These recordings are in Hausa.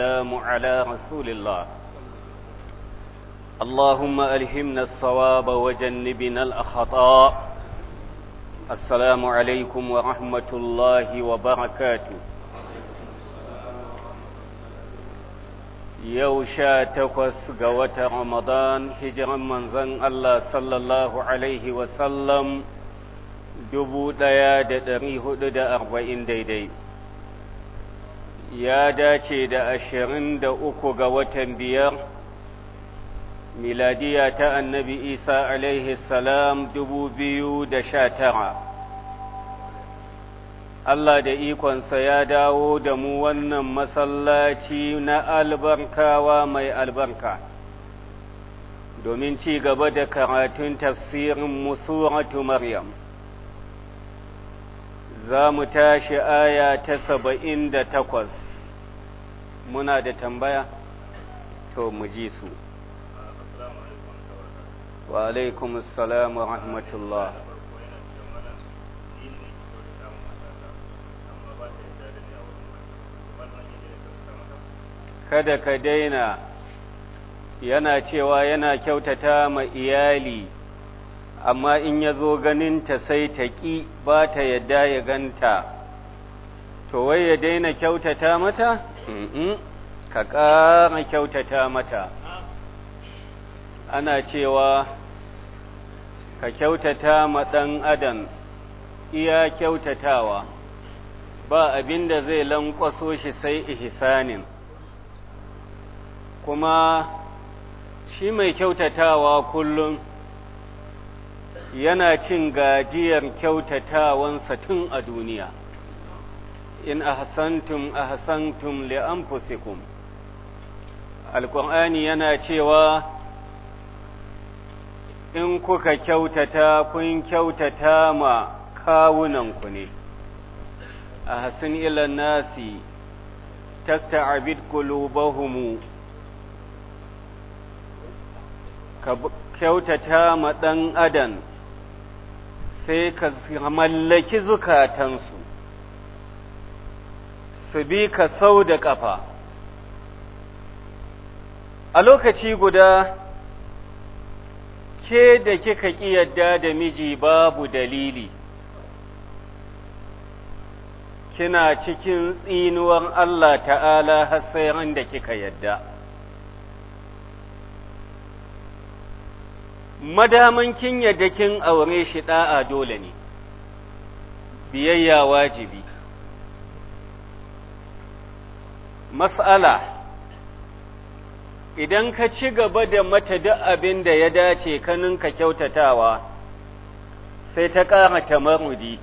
والسلام على رسول الله اللهم ألهمنا الصواب وجنبنا الأخطاء السلام عليكم ورحمة الله وبركاته yau sha takwas ga wata Ramadan hijiran manzon Allah sallallahu Alaihi wasallam dubu ɗaya da ɗari hudu da arba'in daidai. ya dace da ashirin da uku ga watan biyar miladiya ta annabi isa alaihi salam dubu biyu da sha tara Allah da ikonsa ya dawo da mu wannan masallaci na albarkawa mai albarka domin ci gaba da karatun tafsirin musuratu maryam za mu tashi aya ta saba'in da takwas muna da tambaya to mu ji su wa alaikum assalam wa rahmatullah kada ka daina yana cewa yana kyautata ma iyali amma in ya zo ganinta sai ta ƙi ba ta yadda ya ganta to wai ya daina kyautata mata Mm-hmm. ka ƙara kyautata mata ana cewa ka kyautata ma ɗan adam iya kyautatawa ba abin da zai lankwaso shi sai ihsanin kuma shi mai kyautatawa kullum yana cin gajiyar kyautatawansa tun a duniya in ahsantum ahsantum li anfusikum alqur'ani yana cewa in kuka kyautata kun kyautata ma kawunanku ne ahsan ila nasi tasta'bid qulubahum ka kyautata ma dan adam sai ka mallaki zukatansu su bi ka sau da ƙafa a lokaci guda ke da kika ƙi yadda da miji babu dalili kina cikin tsinuwan Allah ta'ala har sai da kika yadda madaman kin yadda kin aure shi ɗa'a dole ne biyayya wajibi mas'ala idan ka ci gaba da mata duk abin da ya dace ka kyautatawa sai ta ƙara tamarudi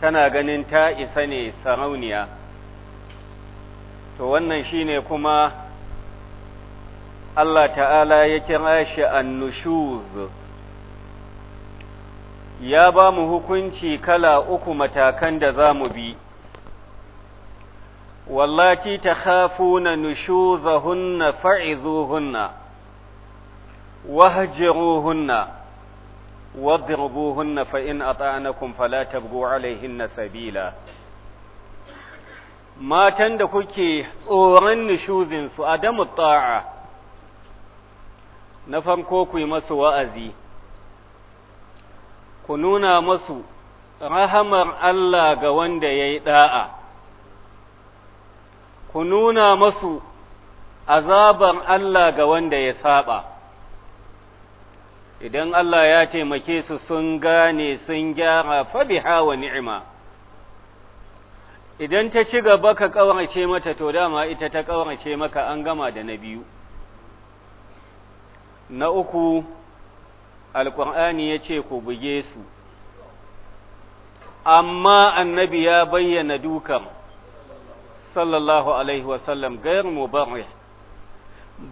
tana ganin ta isa ne sarauniya to wannan shine kuma Allah ta'ala ya kira shi annushuz ya ba mu hukunci kala uku matakan da za mu bi wallati takhafuna nushuzahunna fa'izuhunna wahjuruhunna واضربوهن فإن أطعنكم فلا تبغوا عليهن سبيلا matan da kuke tsoron nishuzinsu a damu ta'a na farko ku yi masu wa'azi, ku nuna masu rahamar Allah ga wanda ya yi ɗa'a, ku nuna masu azaban Allah ga wanda ya saba idan Allah ya taimake su sun gane sun gyara fabiha hawa ni'ima idan ta ci gaba ka kawarce mata to dama ita ta ƙawarce maka an gama da na biyu na uku alƙur'ani ya ce ku buge su amma annabi ya bayyana dukan sallallahu alaihi wasallam gairu mubarri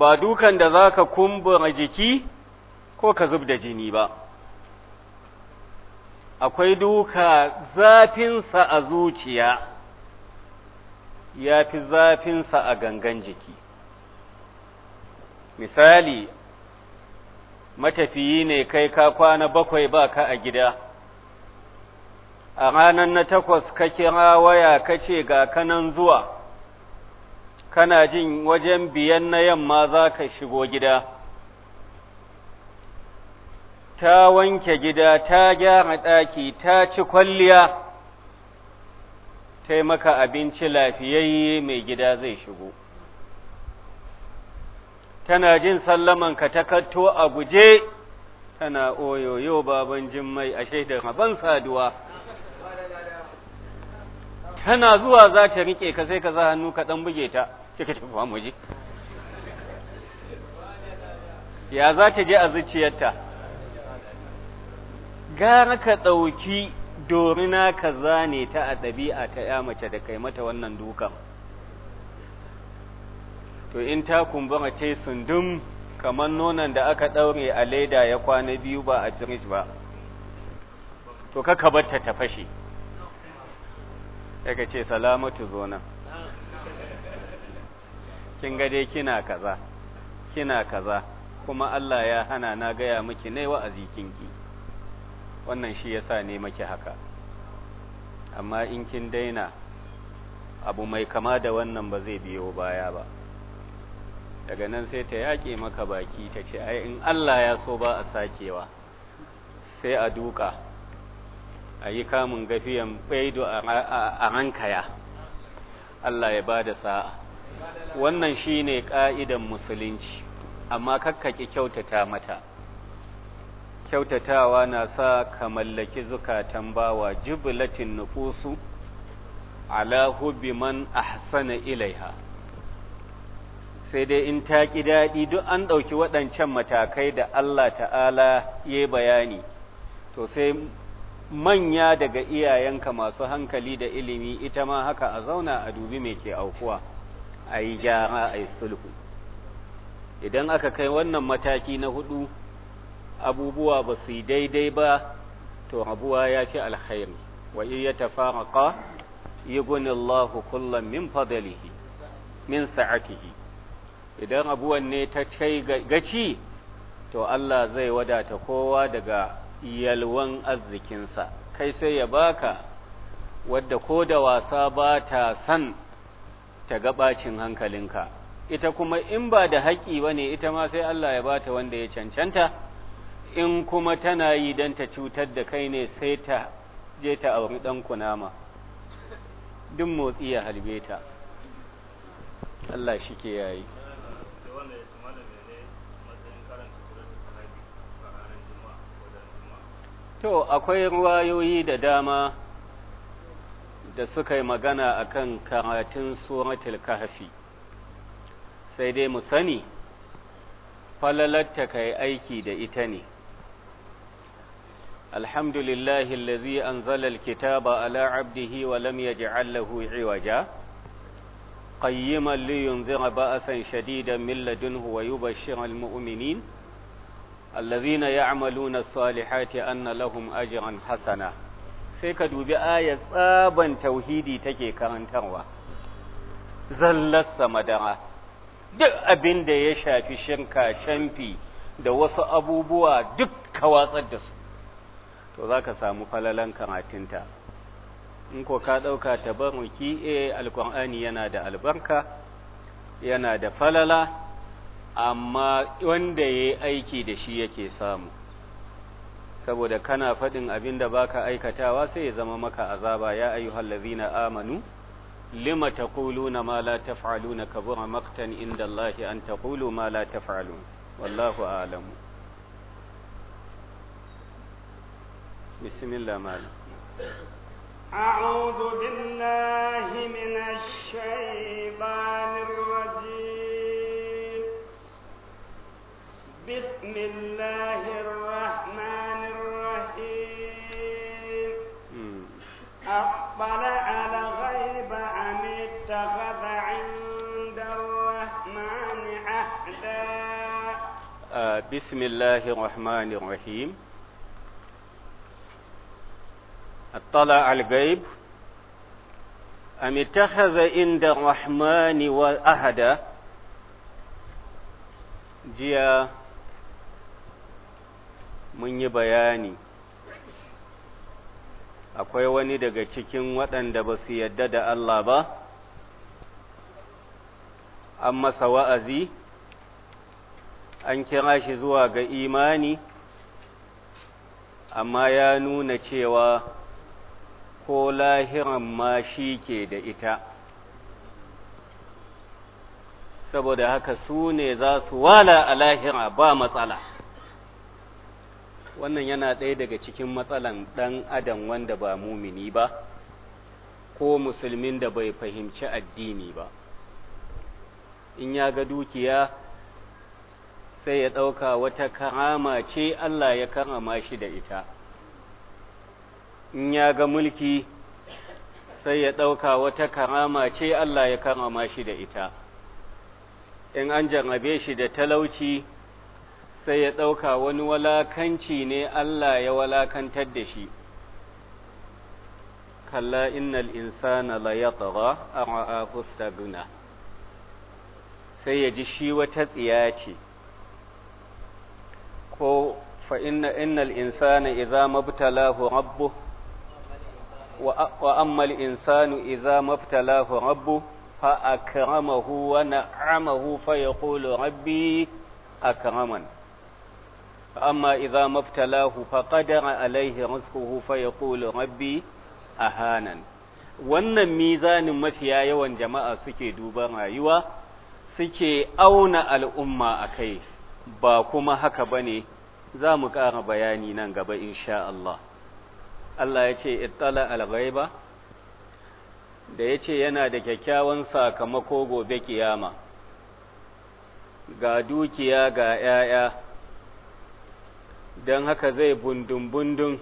ba dukan da za ka kumbura jiki ko ka zub da jini ba akwai duka zafinsa a zuciya ya fi zafinsa a gangan jiki misali matafiyi ne kai ka kwana bakwai ba ka a gida a ranar na takwas ka kira waya ka ce ga kanan zuwa kana jin wajen biyan na yamma za ka shigo gida ta wanke gida ta gyara ɗaki ta ci kwalliya taimaka abinci lafiyayye mai gida zai shigo tana jin sallamanka ta katto a guje tana oyoyo baban jin mai ashe da rabon saduwa tana zuwa za ta riƙe ka sai ka za hannu ka ɗan buge ta kika ba mu je ya za ta je a zuciyarta gara ka ɗauki dorina ka zane ta a ɗabi'a ta ya mace da kai mata wannan dukan to in ta kumbura ce sundum kamar nonon da aka ɗaure a leda ya kwana biyu ba a firij ba to kaka bar ta ta fashe daga ce salamatu zo nan kin ga dai kina kaza kina kaza kuma Allah ya hana na gaya miki ne wa'azi ki. wannan shi yasa ne maki haka amma in kin daina abu mai kama da wannan ba zai biyo baya ba daga nan sai ta yaƙe maka baki ta ce ai in Allah ya so ba a sakewa sai a duka a yi kamun gafiyan baido a rankaya Allah ya ba da sa'a wannan shi ne ƙa'idan musulunci amma kakkaki kyautata mata kyautatawa na sa ka mallaki zukatan bawa jubilatin nufusu ala hubbi man ahsana ilaiha sai dai in ta ƙi daɗi duk an ɗauki waɗancan matakai da Allah ta'ala ya bayani to sai manya daga iyayenka masu hankali da ilimi ita ma haka a zauna a dubi mai ke aukuwa a yi gyara a yi sulhu idan aka kai wannan mataki na hudu abubuwa ba su yi daidai ba to rabuwa ya fi alhairi wa iya tafaraka yuguni Allah kullum min fadalihi min sa'atihi idan abuwan ne ta kai gaci to Allah zai wadata kowa daga yalwan arzikinsa kai sai ya baka wadda ko da wasa ba ta san ta ga bacin hankalinka ita kuma in ba da haƙƙi ba ne ita ma sai Allah ya bata wanda ya cancanta in kuma tana yi don ta cutar da kai ne sai ta je ta auri ɗan kunama duk motsi ya halbe ta Allah shi ke yayi to akwai ruwayoyi da dama da suka yi magana a kan karatun suratul kahfi sai dai mu sani falalarta ka yi aiki da ita ne alhamdulillahi lazi an zalal kitaba ala abdihi wa lam ya ji allahu iwaja ƙayyimar liyun zira ba'asan shadidan milladin huwa yi ba shirar mu'uminin allazina ya amaluna salihati anna lahum ajiran Hassana. sai ka dubi ayat tsaban tauhidi take karantarwa zallarsa madara duk abin da ya shafi shinka shamfi da wasu abubuwa duk ka watsar da su to za ka samu falalan karatunta in ko ka ɗauka tabarruki e eh, alkur'ani yana da albarka yana da falala amma wanda ya aiki da shi yake samu saboda kana faɗin abin da baka aikatawa sai ya zama maka azaba ya ayyuhal ladzina amanu lima taquluna ma la taf'aluna kabura maqtan inda Allahi an taqulu ma la taf'alun wallahu a'lamu bismillah mal أعوذ بالله من الشيطان الرجيم بسم الله الرحمن آه، الرحيم على الغيب أم اتخذ عند الرحمن عهدا بسم الله الرحمن الرحيم اطلع الغيب أم اتخذ عند الرحمن وأهدا جيا من يبياني akwai wani daga cikin waɗanda ba su yadda da Allah ba an masa wa'azi an kira shi zuwa ga imani amma ya nuna cewa ko lahiran ma shi ke da ita saboda haka su ne za su wala a lahira ba matsala wannan yana ɗaya daga cikin matsalan ɗan adam wanda ba mumini ba ko musulmin da bai fahimci addini ba in ya ga dukiya sai ya ɗauka wata karama ce Allah ya karama shi da ita in ya ga mulki sai ya ɗauka wata karama ce Allah ya karama shi da ita in an jarrabe shi da talauci sai ya ɗauka wani walakanci ne Allah ya walakantar da shi kalla innal insana la yatgha a ra'ahu stagna sai ya ji shi wata tsiya ce ko fa inna innal insana idza mabtalahu rabbuh wa amma al insanu idza mabtalahu rabbu, fa akramahu wa na'amahu fa yaqulu rabbi akraman أما إذا ما ابتلاه فقدر عليه رزقه rabbi ربي أهانا wannan mizanin mafiya yawan jama'a suke duban rayuwa suke auna al'umma a kai ba kuma haka ba ne za mu ƙara bayani nan gaba insha Allah Allah ya ce ittala al-ghaiba da yace yana da kyakkyawan sakamako gobe kiyama ga dukiya ga ‘ya'ya don haka zai bundun-bundun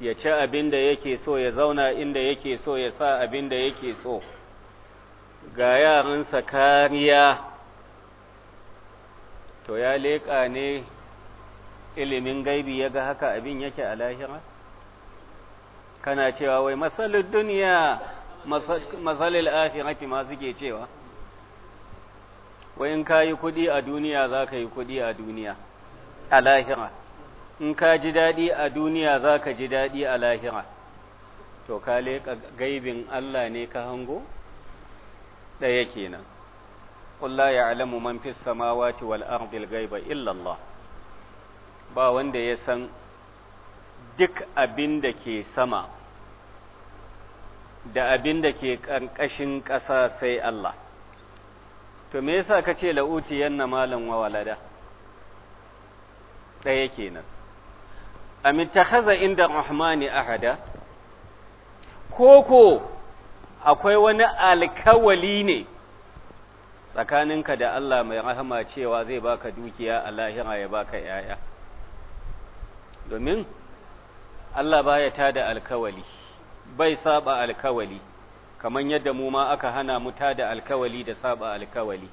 ya ci abin da yake so ya zauna inda yake so ya sa abin da yake so ga yaransa kariya to ya leƙa ne ilimin gaibi ya ga haka abin yake a lahira kana cewa wai matsalar duniya matsalar afirati ma suke cewa wai in ka yi kudi a duniya za ka yi kudi a duniya a lahira in ka ji daɗi a duniya za ka ji daɗi a lahira to ka leka gaibin Allah ne ka hango ɗaya kenan ƙulla ya alamu man fi samawati wal ardil gaiba illallah ba wanda ya san duk abin da ke sama da abin da ke ƙarƙashin ƙasa sai Allah to me yasa ka ce la'uti yanna malam wa walada ɗaya kenan amin haza inda rahmani ahada koko akwai wani alkawali ne tsakaninka da Allah mai rahama cewa zai baka dukiya a lahira ya baka yaya domin Allah baya tada alkawali bai saba alkawali kamar yadda mu ma aka hana mu tada alkawali da saba alkawali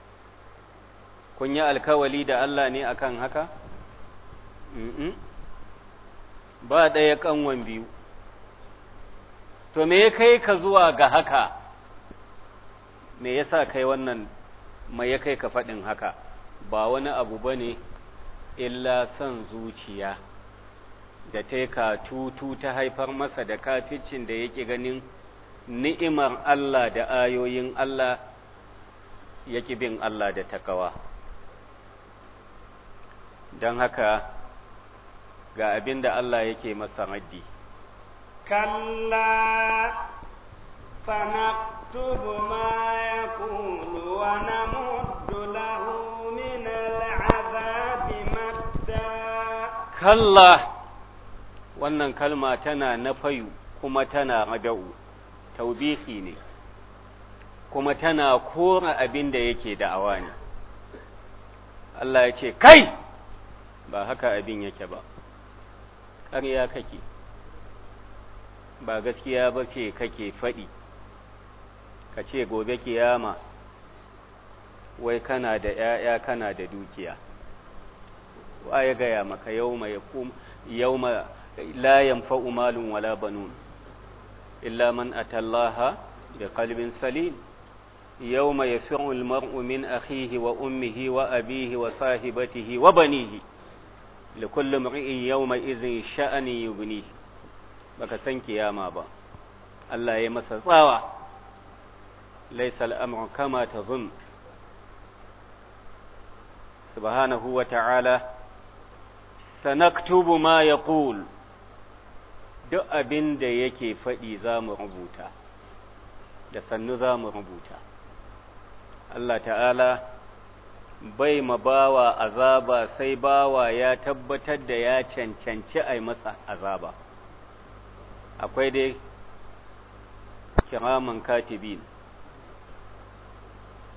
kun yi alkawali da Allah ne akan haka ba ɗaya kanwan biyu to me ya kai ka zuwa ga haka me ya sa kai wannan mai ya kai ka faɗin haka ba wani abu ba ne illa son zuciya da ta ka tutu ta haifar masa da kaficin da yake ganin ni'imar Allah da ayoyin Allah yake bin Allah da takawa don haka ga abin da Allah yake masa maddi kalla sanaktubu ma kulu wa namuddu lahu min al'azabi madda kalla wannan kalma tana na fayu kuma tana mada'u taubihi ne kuma tana kora abin da yake da'awa ne Allah ya ce kai ba haka abin yake ba ƙarya kake ba gaskiya ba ce kake faɗi ka ce gobe kiyama wai kana da ‘ya'ya kana da dukiya wa ya gaya maka yau ma layan malin wala banun illa man a tallaha da kalbin salim yau ma ya mar'umin akhihi wa ummihi wa abihi wa sahibatihi wa banihi لكل مرئ يوم إذن شأني يبني بك سنك يا مابا الله يمس صاوة ليس الأمر كما تظن سبحانه وتعالى سنكتب ما يقول دعبن da yake faɗi za mu rubuta da sannu bai ma bawa azaba sai bawa ya tabbatar da ya cancanci a masa azaba akwai dai kiraman katibin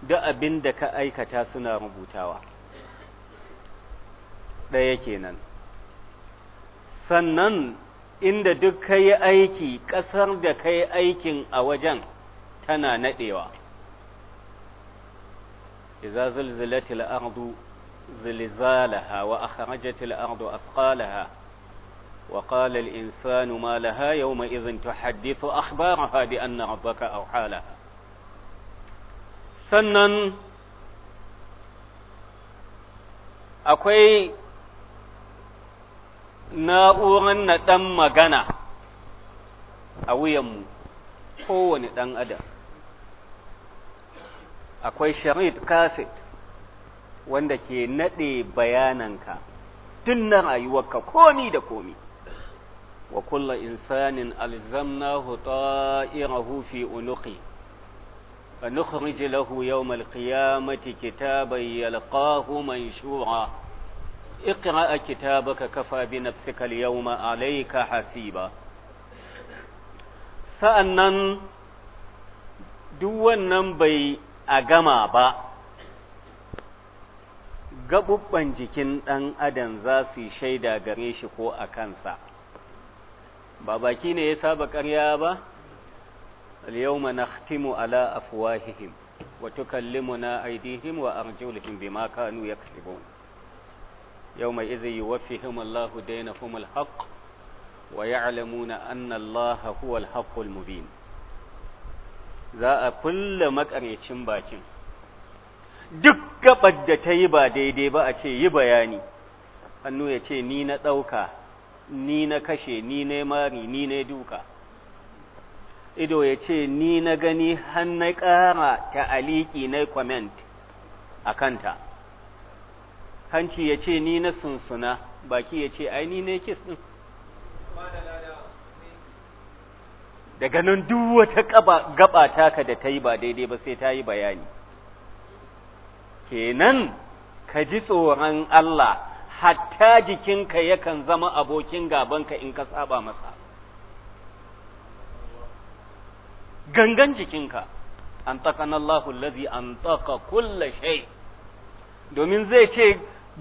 da abin da ka aikata suna rubutawa ɗaya kenan sannan inda duk ka aiki ƙasar da ka aikin a wajen tana naɗewa إذا زلزلت الأرض زلزالها وأخرجت الأرض أثقالها وقال الإنسان ما لها يومئذ تحدث أخبارها بأن ربك أوحالها لها أكوي akwai na'urar na ɗan magana a wuyanmu kowane ɗan adam akwai shamid kaset wanda ke nade bayananka tun na rayuwarka komi da komi wa kulla insanin alzamnahu ta'irahu fi unuqi fa nukhrij lahu yawm alqiyamati kitaban yalqahu manshura kafa bi كفى بنفسك اليوم عليك hasiba. sa'an nan duk wannan bai a gama ba gaɓuɓɓan jikin ɗan adam za su yi shaida gare shi ko a kansa ba baki ne ya saba ƙarya ba al-yawma nakhtimu ala afwahihim wa tukallimuna aydihim wa arjuluhum bima kanu yaksibun yawma idhi yuwaffihim Allahu daynahum al-haqq wa ya'lamuna anna annallaha huwal al mubini za a kulle makarecin bakin duk gabar da ta yi ba daidai ba a ce yi bayani hannu ya ce ni na ɗauka ni na kashe ni na mari ni na duka ido ya ce ni na gani har na ƙara ta aliki na comment a kanta hanci ya ce ni na sunsuna baki ya ce ai ni kis ɗin daga nan duk wata gaba taka da ta ba daidai ba sai ta bayani kenan ka ji tsoron Allah hatta jikinka yakan zama abokin gabanka in ka saba masa gangan jikinka an taƙan Allahu lazi an taƙa kulle shai domin zai ce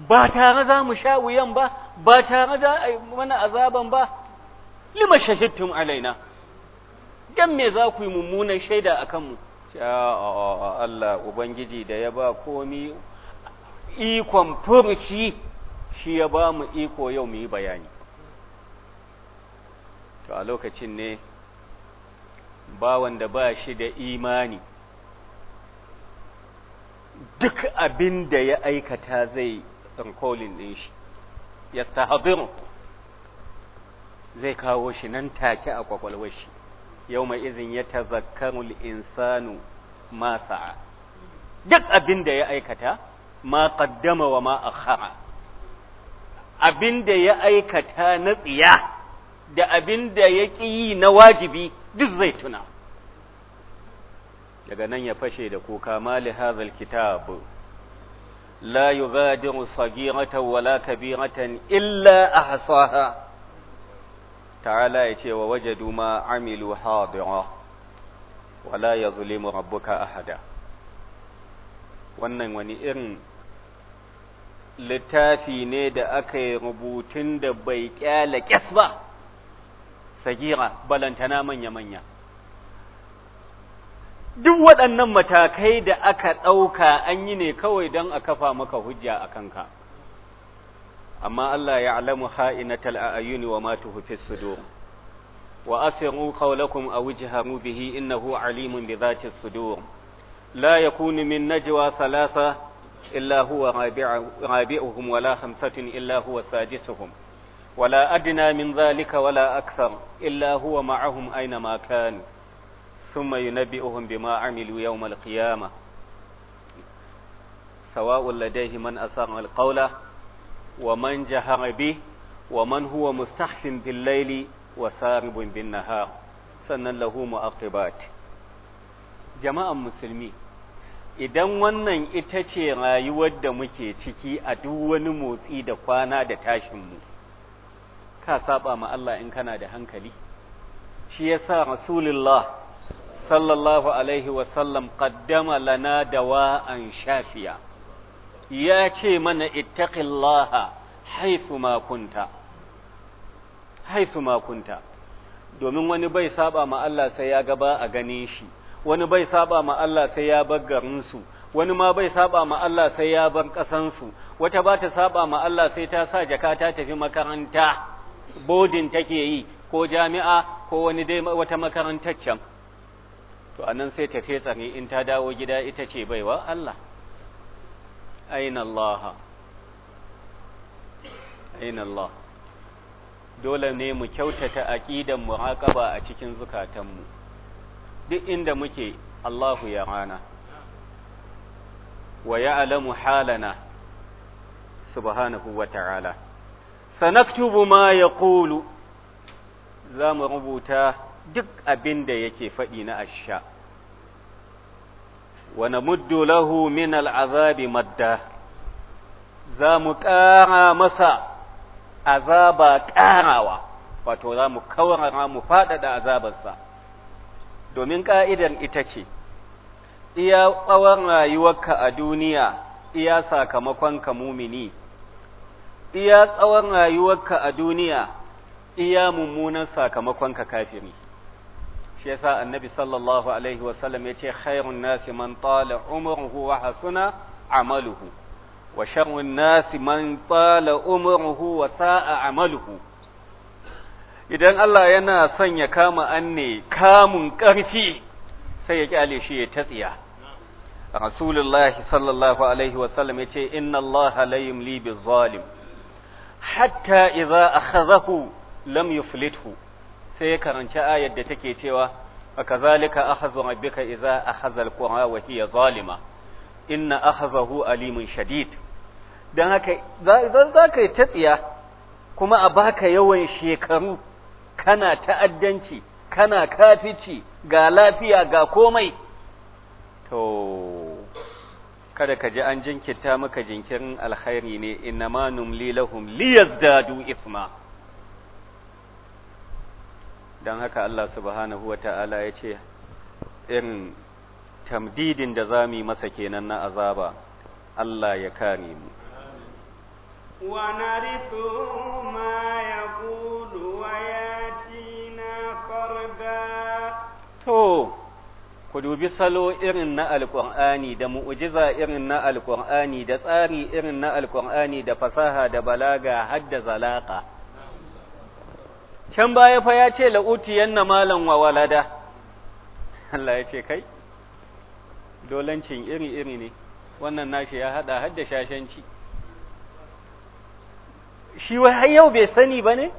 ba tare za mu sha wuyan ba ba tare za a yi mana azaban ba lima shahidtum alaina dan me za ku yi mummunan shaida a kanmu Allah Ubangiji da ya ba komi ikon furci shi ya ba mu iko yau mu yi bayani to a lokacin ne bawan da ba shi da imani duk abin da ya aikata zai tsankolin ɗin shi ya zai kawo shi nan take a kwakwalwar shi yawma izin ya tazakkaru insanu ma sa'a duk abin da ya aikata ma qaddama wa ma akhara abin da ya aikata na tsiya da abin da ya ƙi yi na wajibi duk zai tuna daga nan ya fashe da kuka mali hazal kitab la yugadiru sagiratan wala kabiratan illa ahsaha ta'ala ya ce wa wajadu ma amilu hadira wala yazlimu rabbuka ahada wannan wani irin littafi ne da aka yi rubutun da bai kyala ƙyas ba sagira balantana manya-manya duk waɗannan matakai da aka ɗauka an yi ne kawai don a kafa maka hujja a kanka أما الله يعلم خائنة الأعين وما في الصدور وأسروا قولكم أو اجهروا به إنه عليم بذات الصدور لا يكون من نجوى ثلاثة إلا هو رابعهم ولا خمسة إلا هو سادسهم ولا أدنى من ذلك ولا أكثر إلا هو معهم أينما كان ثم ينبئهم بما عملوا يوم القيامة سواء لديه من أسر القول ومن جهر به ومن هو مستحسن بالليل وسارب بالنهار sannan lahu mu'aqibat jama'an musulmi idan wannan ita ce rayuwar da muke ciki a duk wani motsi da kwana da tashin mu ka saba ma Allah in kana da hankali shi yasa rasulullah sallallahu alaihi wa sallam qaddama lana an shafiya ya ce mana ittaqillaha haithu ma kunta haithu ma kunta domin wani bai saba ma Allah sai ya gaba a gane shi wani bai saba ma Allah sai ya bar garin su wani ma bai saba ma Allah sai ya bar kasan su wata ba ta saba ma Allah sai ta sa jaka ta tafi makaranta bodin take yi ko jami'a ko wani dai wata makarantar can to anan sai ta fetsare in ta dawo gida ita ce baiwa Allah أين الله dole ne mu kyautata aqidan muraƙaba a cikin zukatanmu duk inda muke Allahu ya rana wa ya'lamu halana subhanahu wa ta'ala sanaktubu ma yaqulu za mu rubuta duk abinda da yake faɗi na asha wa namuddu lahu min al'azabi madda za mu ƙara masa azaba ƙarawa wato za mu kawara mu faɗaɗa azabarsa domin ƙa'idar ita ce iya tsawon rayuwarka a duniya iya sakamakonka mumini iya tsawon rayuwarka a duniya iya mummunan sakamakonka kafiri shi yasa annabi sallallahu alaihi wasallam ya ce khairun nasi man tala umruhu wa hasuna amaluhu wa sharrun nasi man tala umruhu wa sa'a amaluhu idan Allah yana son ya kama anne kamun ƙarfi sai ya kyale shi ya tatsiya rasulullah sallallahu alaihi wasallam ya ce inna Allah la yumli bi zalim hatta idza akhadhahu lam yuflithu sai ya karanci ayar da take cewa akazalika akhadhu rabbika idza akhadha alqura wa hiya zalima inna akhadhahu alimun shadid dan haka za ka yi ta tsiya kuma a baka yawan shekaru kana ta'addanci kana kafici ga lafiya ga komai to kada ka ji an jinkirta maka jinkirin alkhairi ne ma numli lahum liyazdadu ifma. don haka Allah subhanahu wa ta'ala ya ce irin tamdidin da za mu yi masa kenan na azaba Allah ya kare mu ونرث ما يقول وياتينا To ku dubi salo irin na alƙur'ani da mu'ujiza irin na alƙur'ani da tsari irin na alƙur'ani da fasaha da balaga har da zalaƙa can baya fa ya ce yanna malan wa walada Allah ya ce kai dolancin iri-iri ne wannan nashi ya hada hadda shashanci shi wai har yau bai sani ba ne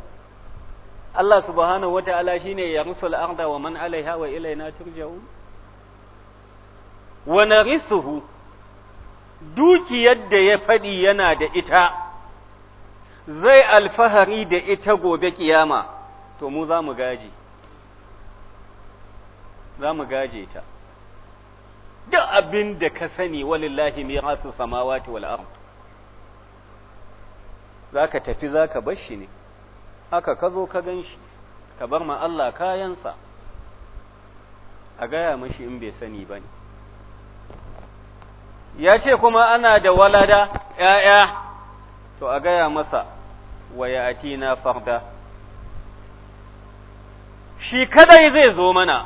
Allah subhanahu wata'ala shine ya rusul arda wa man alaiha wa ilaina turjau? wa narisuhu dukiyar da ya faɗi yana da ita zai alfahari da ita gobe kiyama to mu za mu gaje za mu gaje ta duk abin da ka sani walillahi mirasu samawati wal za zaka tafi zaka bar shi ne haka ka zo ka ganshi ka bar ma Allah kayansa a gaya mashi in bai sani bane ya ce kuma ana da walada ‘ya'ya, to a gaya masa, wa ya farda, shi kadai zai zo mana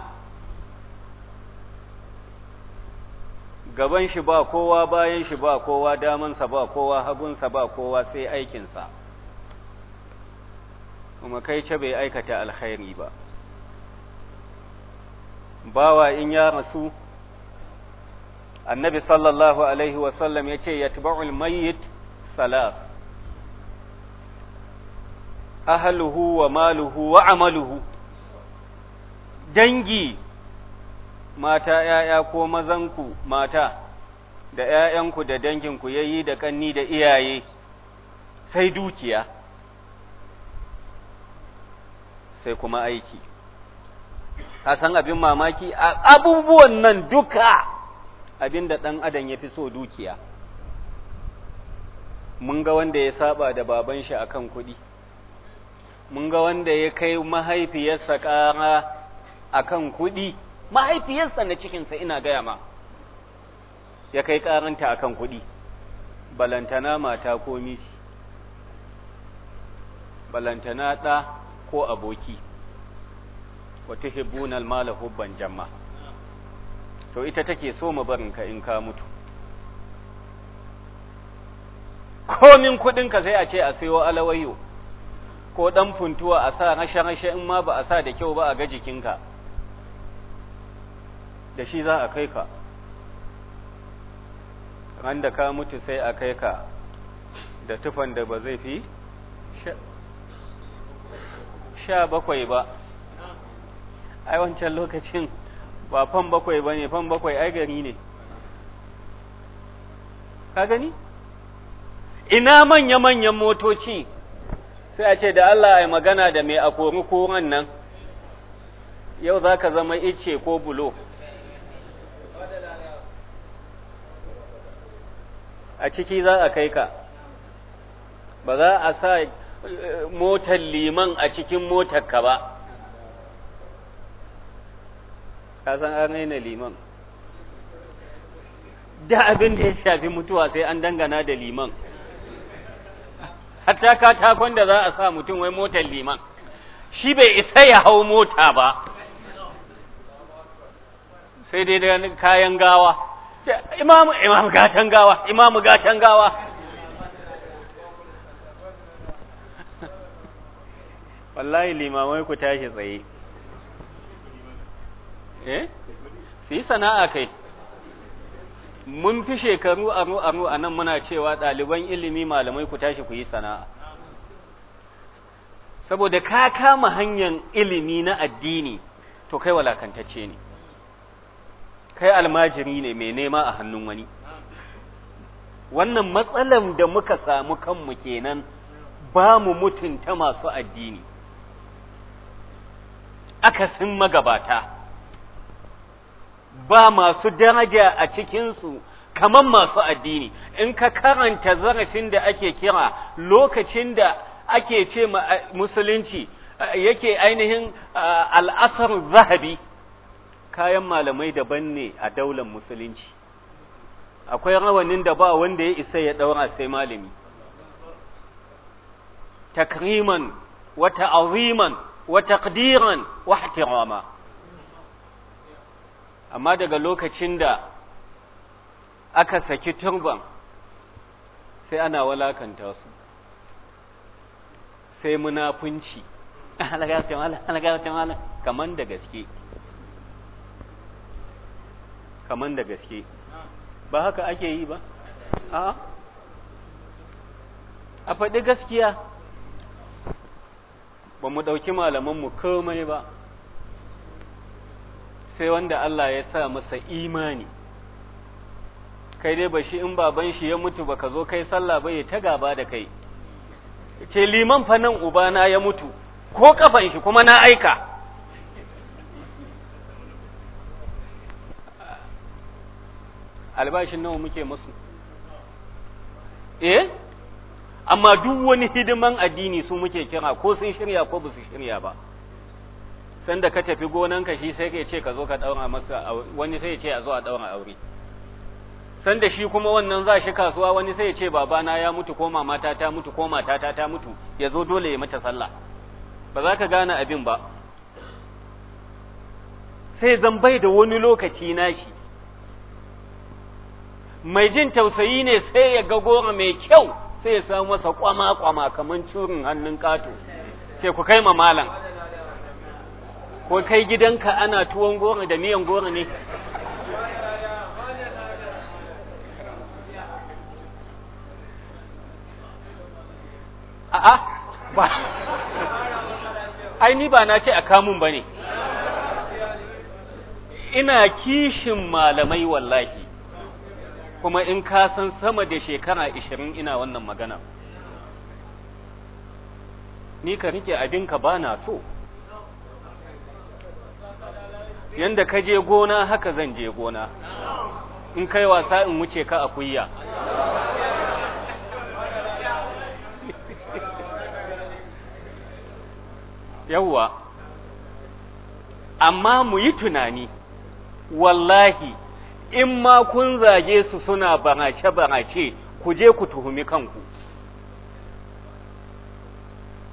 gaban shi ba kowa bayan shi ba kowa damansa ba kowa hagunsa ba kowa sai aikinsa kuma kai ce bai aikata alkhairi ba bawa in ya rasu annabi sallallahu alaihi wasallam ya ce ya mayyit salat ahluhu wa maluhu wa amaluhu dangi mata ‘ya'ya ko mazanku mata da ‘ya'yanku da danginku ya yi da ƙanni da iyaye sai dukiya sai kuma aiki a san abin mamaki a abubuwan nan duka abin da ɗan adam ya fi so dukiya mun ga wanda ya saba da baban shi akan kuɗi mun ga wanda ya kai mahaifiyarsa ƙara akan kuɗi mahaifiyarsa na cikinsa ina gaya ma ya kai karanta akan kuɗi balantana mata ko miji balantana ɗa ko aboki wata hibbunan mala hubban jamma to ita take so mu barinka in ka mutu komin kuɗinka sai a ce a sayo alawayo ko ɗan funtuwa a sa rashe-rashe in ma ba a sa da kyau ba a ga jikinka da shi za a kai ka ran da ka mutu sai a kai ka da tufan da ba zai fi sha bakwai ba ai wancan lokacin ba fan bakwai ba ne fan bakwai ai gari ne ka gani ina manya-manyan motoci sai a ce da Allah ai magana da mai akori koran nan yau za ka zama ice ko bulo a ciki za a kai ka ba za a sa eh, motar liman a cikin motar ka ba ka san an liman da abin da ya shafi mutuwa sai an dangana da liman hatta katakon da za a sa mutum wai motar liman shi bai isa ya hau mota ba sai dai da kayan gawa imamu imamu gatan gawa imamu gatan gawa wallahi limamai ku tashi tsaye eh su yi sana'a kai mun fi shekaru aru aru a nan muna cewa ɗaliban ilimi malamai ku tashi ku yi sana'a saboda ka kama hanyar ilimi na addini to kai walakantacce ne kai almajiri ne mai nema a hannun wani wannan matsalan da muka samu kanmu kenan ba mu mutunta masu addini akasin magabata ba masu daraja a cikinsu kamar masu addini in ka karanta zarafin da ake kira lokacin da ake ce musulunci yake ainihin al'asar zahabi kayan malamai daban ne a daular musulunci akwai rawanin da ba wanda ya isa ya daura sai malami takriman wa ta'ziman wa taqdiran wa ihtirama amma daga lokacin da aka saki turban sai ana walakanta su sai munafunci kaman da gaske kaman da gaske ba haka ake yi ba a a faɗi gaskiya ba mu ɗauki malamanmu komai ba sai wanda Allah ya sa masa imani kai dai ba shi in baban shi ya mutu ba ka zo kai sallah ba ya ta gaba da kai ce liman fa nan ubana ya mutu ko kafan shi kuma na aika albashin nawa muke musu eh amma duk wani hidiman addini su muke kira ko sun shirya ko ba su shirya ba sanda ka tafi gonanka shi sai ka ce ka zo ka daura masa wani sai ya ce a zo a daura aure sanda shi kuma wannan za shi kasuwa wani sai ya ce babana ya mutu ko mamata ta mutu ko matata ta mutu ya zo dole ya mata sallah ba za ka gane abin ba sai zan bai da wani lokaci nashi mai jin tausayi ne sai ya ga gora mai kyau sai ya samu masa kwama-kwama kamar curin hannun kato sai ku kai ma malam ko kai gidanka ana tuwon gora da miyan gora ne a'a ba ai ni ba na ce a kamun ba ne ina kishin malamai wallahi kuma in ka san sama da shekara ishirin ina wannan magana ni ka rike abinka ba na so yanda ka je gona haka zan je gona in kai wasa in wuce ka a kuyya yawwa amma mu yi tunani wallahi in ma kun zage su suna barace-barace ku je ku tuhumi kanku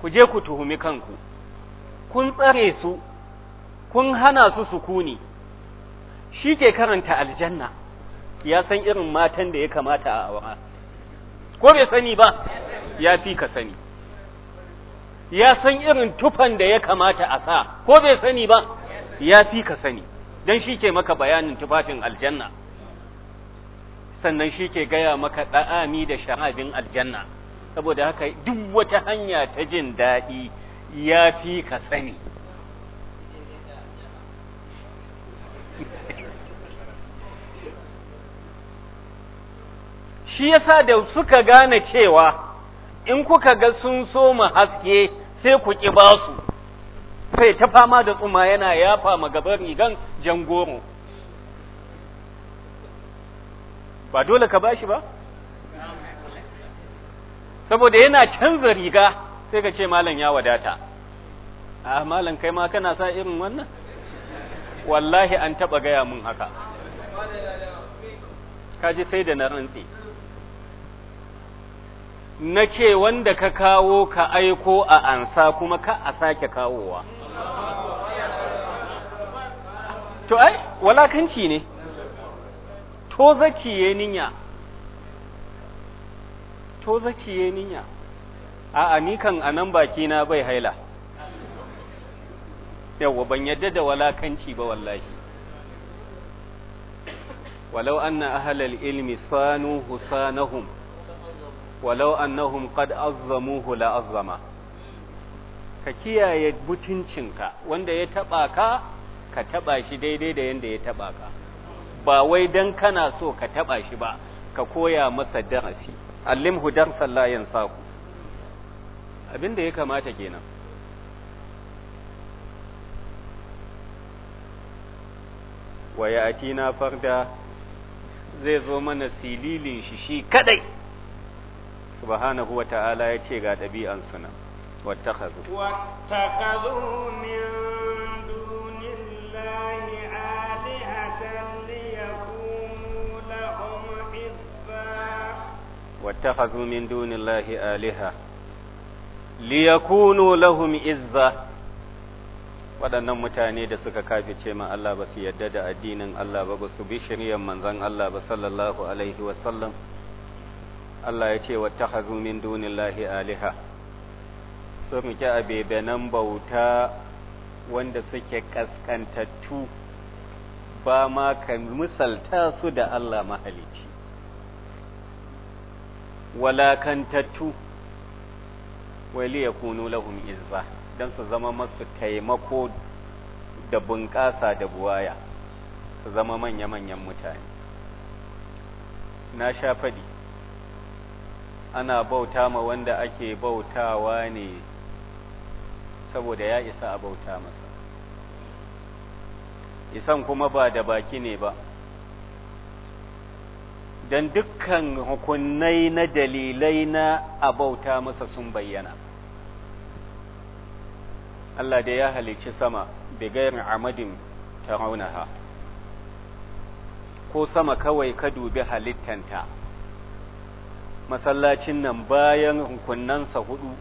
ku je ku tuhumi kanku kun tsare su kun hana su sukuni shi ke karanta aljanna ya san irin matan da ya kamata a aura ko bai sani ba ya fi ka sani ya san irin tufan da ya kamata a sa ko bai sani ba ya fi ka sani dan shi ke maka bayanin tufafin aljanna sannan shi ke gaya maka ɗa'ami da sha'abin aljanna saboda haka duk wata hanya ta jin daɗi ya fi ka sani shi yasa da suka gane cewa in kuka ga sun so mu haske sai ku ƙi basu sai ta fama da tsuma yana yafa ma gaban rigan jangoro ba dole ka bashi ba saboda yana canza riga sai ka ce malam ya wadata a ah, malam kai ma kana sa irin wannan wallahi an taba gaya mun haka kaji sai da na rantsi na ce wanda ka kawo ka aiko a ansa kuma ka a sake kawowa to ai walakanci ne to zakiye ninya to zakiye ninya a'a ni kan anan baki na bai haila yawa ban yadda da walakanci ba wallahi walau anna ahlal ilmi sanu husanahum walau annahum qad azzamuhu la azzama ka kiyaye mutuncinka wanda ya taba ka ka taba shi daidai da yanda ya taba ka ba wai dan kana so ka taba shi ba ka koya masa darasi allimhu darsan la yansaku abin da ya kamata kenan wa ya'tina farda zai zo mana sililin shi shi kadai subhanahu wa ta'ala ya ga ɗabi'an sunan واتخذوا واتخذوا من دون الله آلهة ليكونوا لهم حزبا واتخذوا من دون الله آلهة ليكونوا لهم عزة waɗannan mutane da suka kafice ma Allah ba su yadda da addinin Allah ba ba su bi shiryan manzon Allah ba sallallahu alaihi wa wasallam Allah ya ce wattakhadhu min dunillahi aliha so muke abebenan bauta wanda suke kaskantattu ba ma ka misalta su da Allah mahalici walakantattu wali ya kunu lahum izza don su zama masu taimako da bunƙasa da buwaya su zama manya-manyan mutane na sha faɗi ana bauta ma wanda ake bautawa ne saboda ya isa a bauta masa isan kuma ba da baki ne ba don dukkan hukunai na dalilai na a bauta masa sun bayyana Allah da ya halici sama bigayar amadin ta raunaha ko sama kawai ka dubi halittanta masallacin nan bayan hukunnansa hudu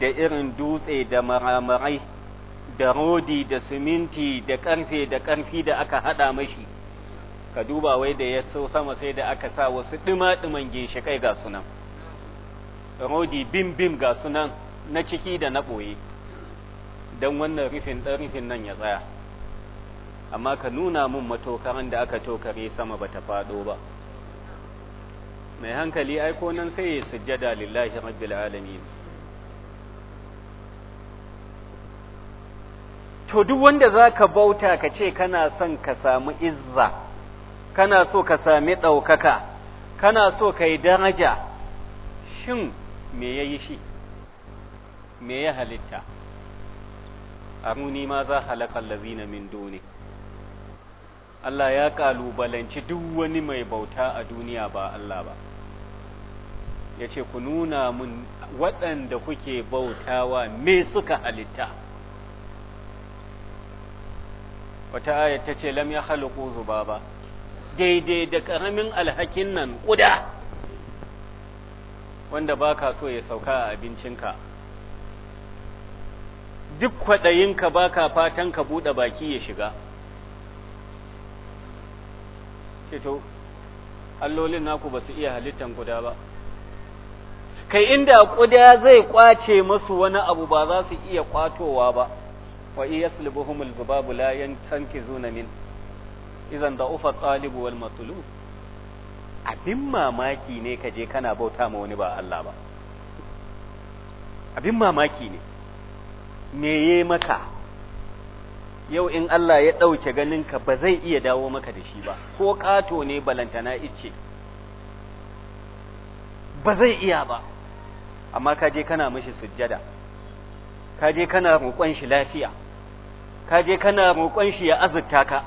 da irin dutse da maramarai da rodi da siminti da karfe da karfi da aka hada mashi ka duba wai da ya so sama sai da aka sa wasu dima-diman kai ga sunan rodi bim-bim ga sunan na ciki da na ɓoye don wannan rufin ɗan rufin nan ya tsaya amma ka nuna mun matokaran da aka tokare sama ba ta faɗo ba mai hankali aiko nan sai ya sujjada lillahi rabbil alamin to duk wanda za ka bauta ka ce kana son ka samu izza kana so ka sami ɗaukaka kana so ka yi daraja shin me ya yi shi me ya halitta aruni ma za halakar lazina min duni Allah ya ƙalubalanci duk wani mai bauta a duniya ba Allah ba ya ce ku nuna mun waɗanda kuke bautawa me suka halitta wata ayat ta ce lam ya zuba zubaba daidai da karamin alhakin nan kuda wanda baka so ya sauka a abincin ka. duk kwaɗayinka baka fatan ka buɗe baki ya shiga ceto allolin naku ba su iya halittan kuda ba kai inda kuda zai kwace masu wani abu ba za su iya kwatowa ba wa yaslubuhum al-dhubabu la yankizuna min idan da ufa wal abin mamaki ne ka je kana bauta ma wani ba Allah ba abin mamaki ne me ye maka yau in Allah ya ɗauke ganinka ba zai iya dawo maka da shi ba ko ƙato ne balantana ice ba zai iya ba amma ka je kana mashi sujjada ka je kana roƙon shi lafiya ka je kana roƙon shi ya azurta ka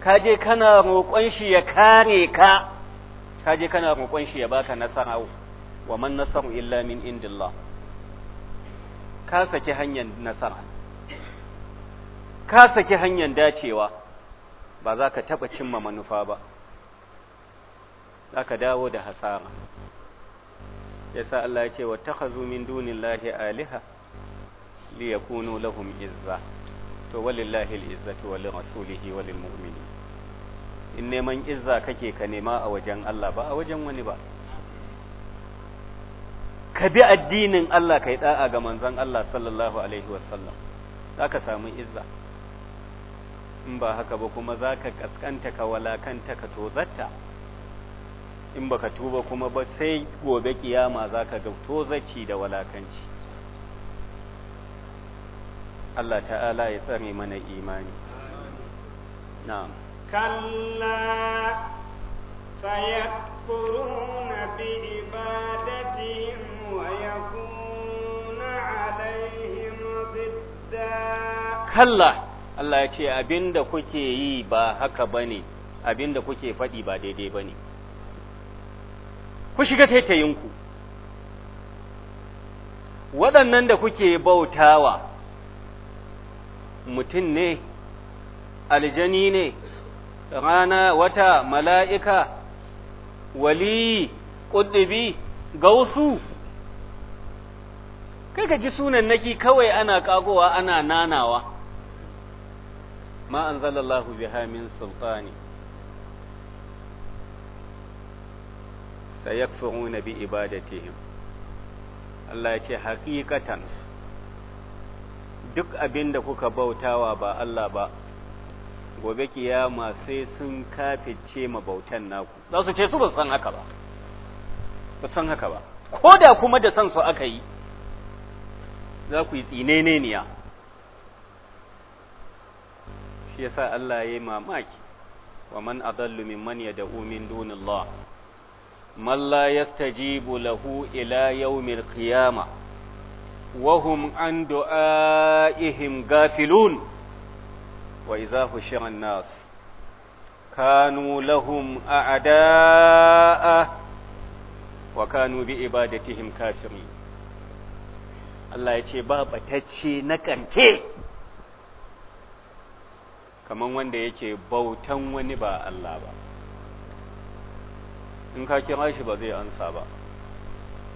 ka je kana roƙon shi ya kare ka ka je kana roƙon shi ya baka nasara wa man nasaru illa min indillah ka saki hanyar nasara ka saki hanyar dacewa ba za ka taɓa cimma manufa ba za ka dawo da hasara yasa Allah ya ce wa takhazu min dunillahi aliha liyakunu lahum izza to walillahi al'izzatu wa lirasulihi wa lilmu'minin in neman izza kake ka nema a wajen Allah ba a wajen wani ba ka bi addinin Allah kai da'a ga manzon Allah sallallahu alaihi wa sallam zaka samu izza in ba haka ba kuma zaka kaskanta ka walakanta ka tozatta in baka tuba kuma ba sai gobe kiyama zaka ga tozaci da walakanci Allah ta'ala ya tsare mana imani. Na'am. Kalla sayakuruna bi ibadatihim wa Kalla Allah ya ce abinda kuke yi ba haka bane, abinda kuke faɗi ba daidai bane. Ku shiga taitayinku, waɗannan da kuke bautawa. mutum ne aljani ne rana wata mala'ika waliyi ƙudubi gausu kai ka ji sunan naki kawai ana ƙagowa ana nanawa ma’an anzalallahu biha min sultani fi bi ibadatihim Allah ya ce hakikatan. duk abin da kuka bautawa ba Allah ba gobe kiyama sai sun kafice ma bautan naku za su ce su ba san haka ba ba san haka ba ko da kuma da san su aka yi za ku yi tsineneniya shi yasa Allah ya yi mamaki wa man adallu mimman yad'u min dunillah man la yastajibu lahu ila yawmil qiyamah وهم عن دعائهم غافلون وإذا هشر الناس كانوا لهم أعداء وكانوا بعبادتهم كافرين Allah ya ce ba batacce na ƙarshe, kamar wanda yake bautan wani ba Allah ba, in ka kira shi ba zai ansa ba,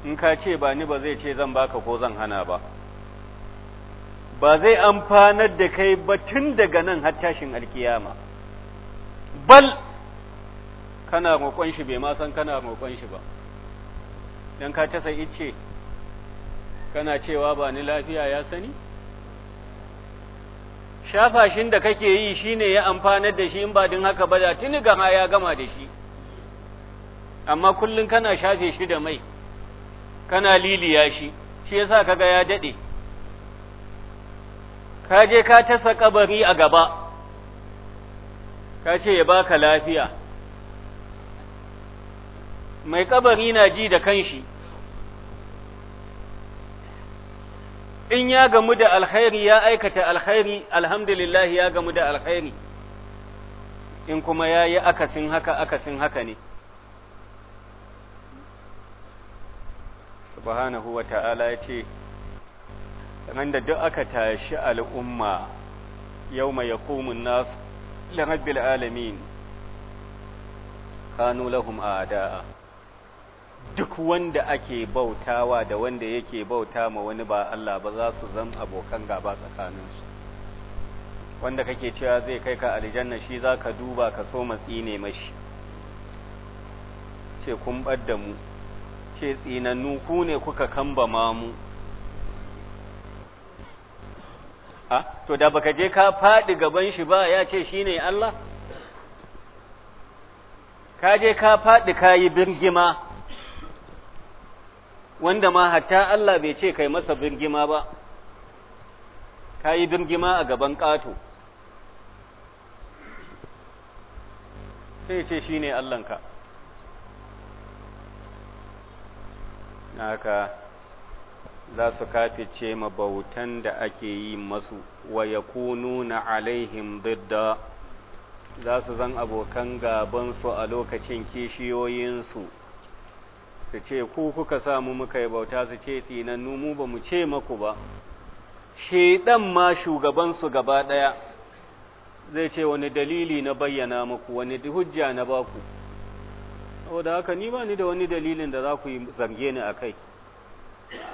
in ka ce ba ni ba zai ce zan baka ko zan hana ba ba zai amfanar da kai ba tun daga nan har tashin alkiyama bal kana roƙon shi bai ma san kana roƙon shi ba dan ka ta sai ice kana cewa ba ni lafiya ya sani shafashin da kake yi shine ya amfanar da shi in ba din haka ba da tuni ga ya gama da shi amma kullun kana shafe shi da mai kana liliya shi shi yasa kaga ya daɗe ka je ka tasa kabari a gaba ka ce ya baka lafiya mai kabari na ji da kanshi in ya gamu da alkhairi ya aikata alkhairi alhamdulillah ya gamu da alkhairi in kuma ya yi akasin haka akasin haka ne subhanahu wa ta'ala ya ce kamar da duk aka tashi al'umma yau mai ya komun nasu lirabbil alamin kanu lahum ada'a duk wanda ake bautawa da wanda yake bauta ma wani ba Allah ba za su zama abokan gaba tsakaninsu wanda kake cewa zai kai ka aljanna shi za ka duba ka so matsi ne mashi ce kun ɓad da mu ce tsinannu ku ne kuka kamba mamu a to da baka je ka faɗi gaban shi ba ya ce shi Allah ka je ka faɗi ka yi birgima wanda ma hatta Allah bai ce kai masa birgima ba ka yi birgima a gaban kato sai ce shine ne Allahnka haka za su kafice bautan da ake yi masu wa ya kununa alaihim didda za su zan abokan gabansu a lokacin kishiyoyinsu su ce ku kuka samu muka yi bauta su ce tsinannu mu ba mu ce maku ba shaidan ma shugabansu gaba ɗaya zai ce wani dalili na bayyana muku wani hujja na baku saboda haka ni ba ni da wani dalilin da za ku yi zange ni a kai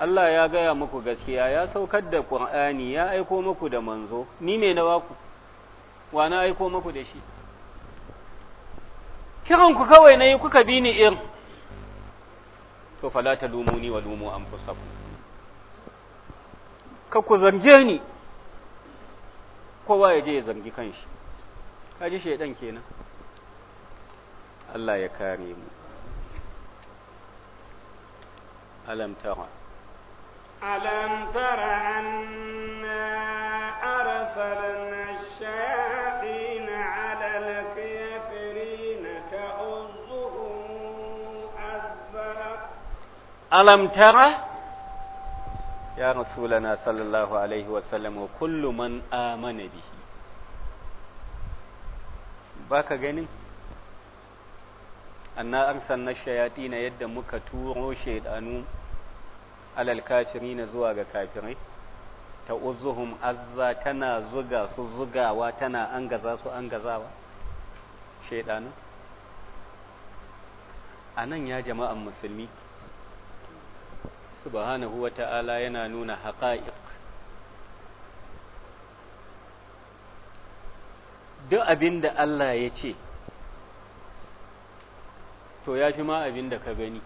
Allah ya gaya muku gaskiya ya saukar da Qur'ani ya aiko muku da manzo ni ne na baku wa na aiko muku da shi kiran ku kawai nayi kuka bi ni in to fala lumuni wa lumu anfusakum ka ku zange ni kowa ya je ya zangi kanshi kaji shedan kenan Allah ya kare mu alam tara alam tara anna arsalna ash-shayatin 'ala al-kafirin ta'uzuhum alam tara ya rasulana sallallahu alaihi wa sallam wa kullu man amana bihi baka ganin anna arsalna shayatin yadda muka turo shaydanu alal kafirin zuwa ga kafirai ta uzuhum azza tana zuga su zugawa tana angaza su angazawa shaydanu anan ya jama'an musulmi subhanahu wata'ala yana nuna haqa'iq duk abinda Allah ya ce to ya fi ma abin da ka gani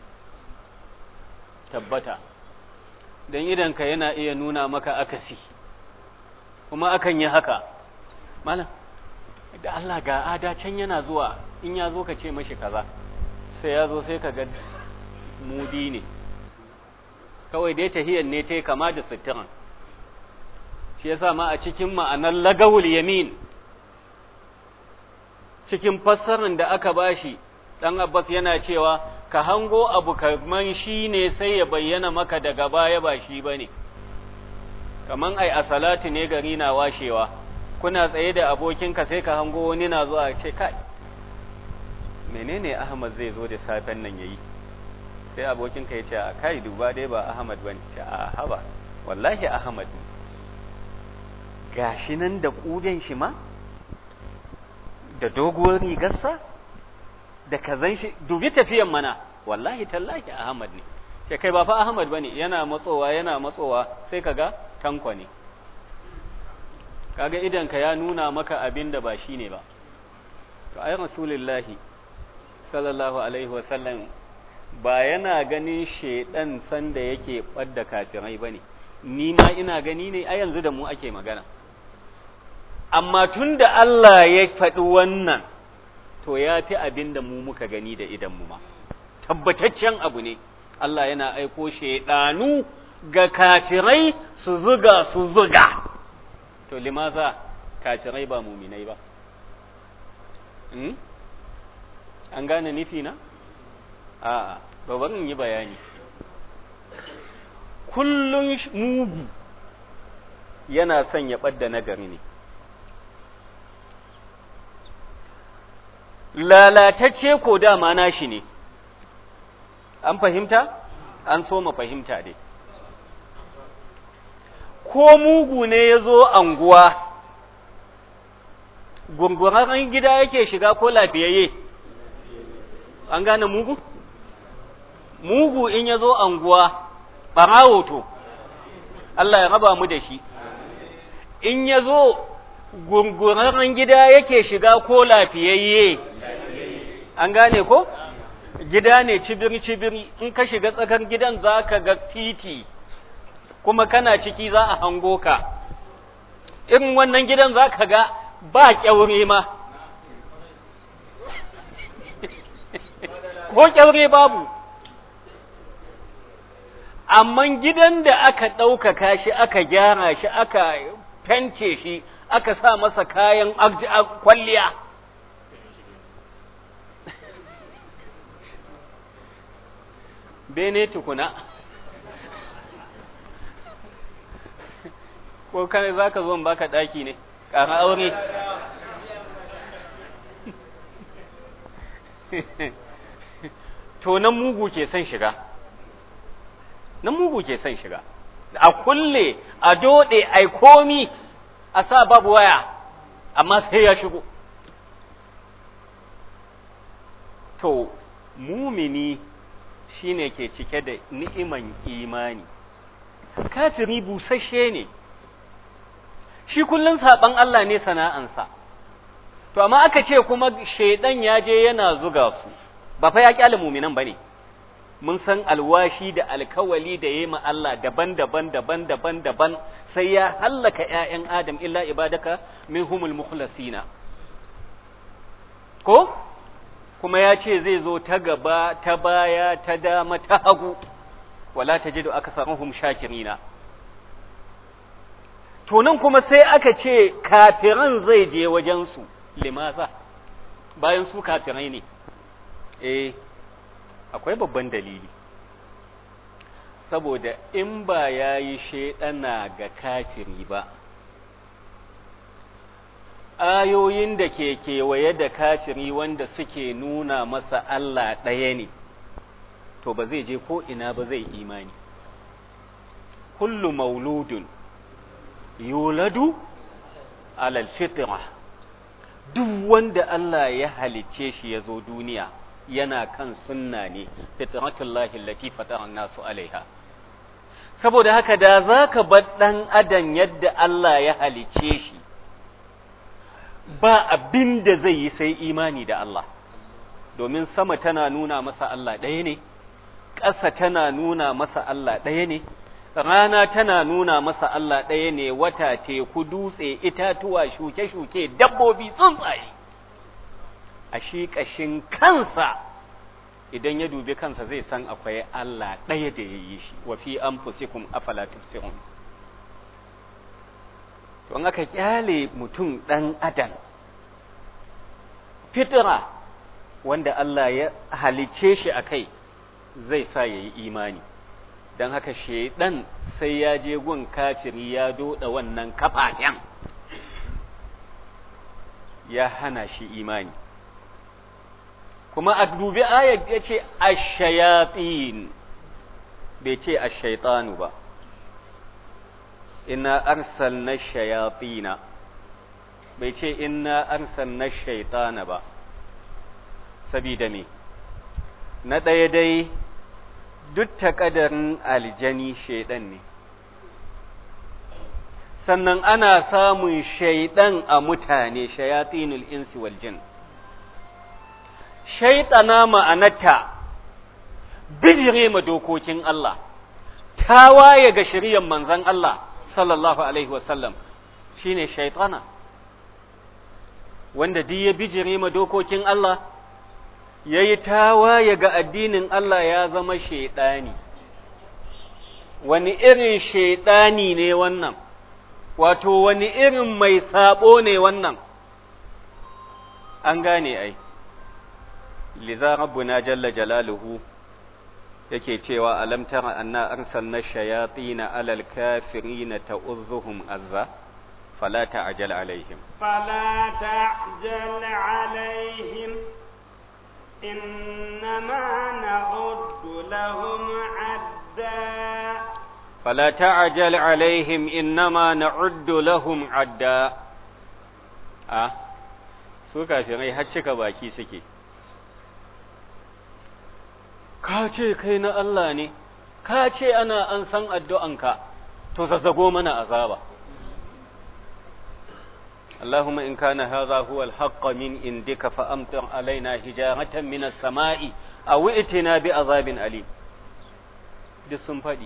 tabbata don idanka yana iya nuna maka akasi kuma akan yi haka malam da Allah ga ada can yana zuwa in ya zo ka ce mashi kaza sai ya zo sai ka ga mudi ne kawai dai tahiyar ne ta yi kama da sittiran shi yasa ma a cikin ma'anar lagawul yamin cikin fassarar da aka bashi dan Abbas yana cewa ka hango abu kaman shi ne sai ya bayyana maka daga baya ba shi bane kaman ai a salati ne gari na washewa kuna tsaye da abokinka sai ka hango wani na zuwa ce kai menene Ahmad zai zo da safen nan yayi sai abokinka ya ce a kai duba dai ba Ahmad bane ce a haba wallahi Ahmad gashi nan da kuben shi ma da doguwar rigarsa da kazan shi dubi tafiyan mana wallahi tallahi Ahmad ne sai kai ba fa Ahmad bane yana matsowa yana matsowa sai kaga tanko ne kaga idan ka ya nuna maka abin da ba shine ba to ai rasulullahi sallallahu alaihi wasallam ba yana ganin shedan sanda yake badda kafirai bane ni ma ina gani ne a yanzu da mu ake magana amma tunda Allah ya faɗi wannan to ya fi abin da mu muka gani da idan mu ma tabbataccen abu ne Allah yana aiko shaidanu ga kafirai su zuga su zuga to limaza kafirai ba muminai ba hmm? an gane nufi na a'a ba barin yi bayani Kullum mugu yana son ya ɓadda nagari ne lalatacce ko dama nashi ne an fahimta an so ma fahimta dai ko mugu ne ya zo anguwa gungunan gida yake shiga ko lafiyayye an gane mugu mugu in ya zo anguwa ɓarawo to Allah ya raba mu da shi in ya zo gungunan gida yake shiga ko lafiyayye an gane ko gida ne cibiri-cibiri in ka shiga tsakar gidan za ka ga titi kuma kana ciki za a hango ka irin wannan gidan za ka ga ba kyaure ma ko kyaure babu amma gidan da aka ɗaukaka shi aka gyara shi aka fence shi aka sa masa kayan kwalliya bene tukuna ko kai za ka zo baka ɗaki ne ƙara aure to nan mugu ke son shiga nan mugu ke son shiga a kulle a doɗe a komi a sa babu waya amma sai ya shigo to mumini Shi ne ke cike da ni'iman imani kafiri busashe ne shi kullum saɓan Allah ne sana'ansa to amma aka ce kuma shaidan ya je yana zuga su ba fa ya kyale muminan ne? mun san alwashi da alkawali da ya ma Allah daban-daban daban-daban daban sai ya hallaka ya'yan Adam illa ibadaka minhumul mukhlasina ko kuma ya ce zai zo ta gaba ta baya ta dama ta hagu wala ta tajidu aksaruhum shakirina to nan kuma sai aka ce kafiran zai je wajen su limaza bayan su kafirai ne eh akwai babban dalili saboda in ba yayi shedana ga kafiri ba ayoyin da ke kewaye da kafiri wanda suke nuna masa Allah ɗaya ne, to ba zai je ko ina ba zai imani. Kullu mauludun yuladu alal fitra duk wanda Allah ya halicce shi ya zo duniya yana kan sunna ne, fitratullahi lati fatara nasu alaiha. Saboda haka da za ka bar ɗan adam yadda Allah ya halicce shi, ba abin da zai yi sai imani da Allah domin sama tana nuna masa Allah ɗaya ne ƙasa tana nuna masa Allah ɗaya ne rana tana nuna masa Allah ɗaya ne wata teku dutse itatuwa shuke-shuke dabbobi tsuntsaye a shi ƙashin kansa idan ya dubi kansa zai san akwai Allah ɗaya da ya yi shi wa fi afala to an aka kyale mutum ɗan adam fitira wanda Allah ya halice shi a kai zai sa ya yi imani don haka shaidan sai ya je gun kafiri ya doda wannan kafafen ya hana shi imani kuma a dubi ayat ya ce ashayatin bai ce ashaitanu ba inna arsalna shayatina bai ce inna arsalna shaitana ba sabida ne. na ɗaya dai duk taƙadarin aljani shaidan ne sannan ana samun shaidan a mutane shayatinul insi wal jin shaitana ma'anata bijire ma dokokin Allah ta waye ga shiryan manzon Allah sallallahu alaihi wasallam shine shaytana wanda duk ya bijire ma dokokin Allah yayi tawaye ga addinin Allah ya zama shaytani wani irin shaytani ne wannan wato wani irin mai sabo ne wannan an gane ai liza rabbuna jalla jalaluhu yake cewa alam tara anna arsalna na alal kafirin ta'uzuhum azza fala ta'jal alaihim fala ta'jal alaihim إنما نعد لهم عدا فلا تعجل عليهم إنما نعد لهم عدا آه سوكا في غي هاتشك baki suke. ka ce kai na Allah ne ka ce ana an san ka to zazzago mana azaba اللهم إن كان هذا هو الحق من عندك فأمطر علينا هجارة من السماء أو ائتنا بعذاب أليم duk sun faɗi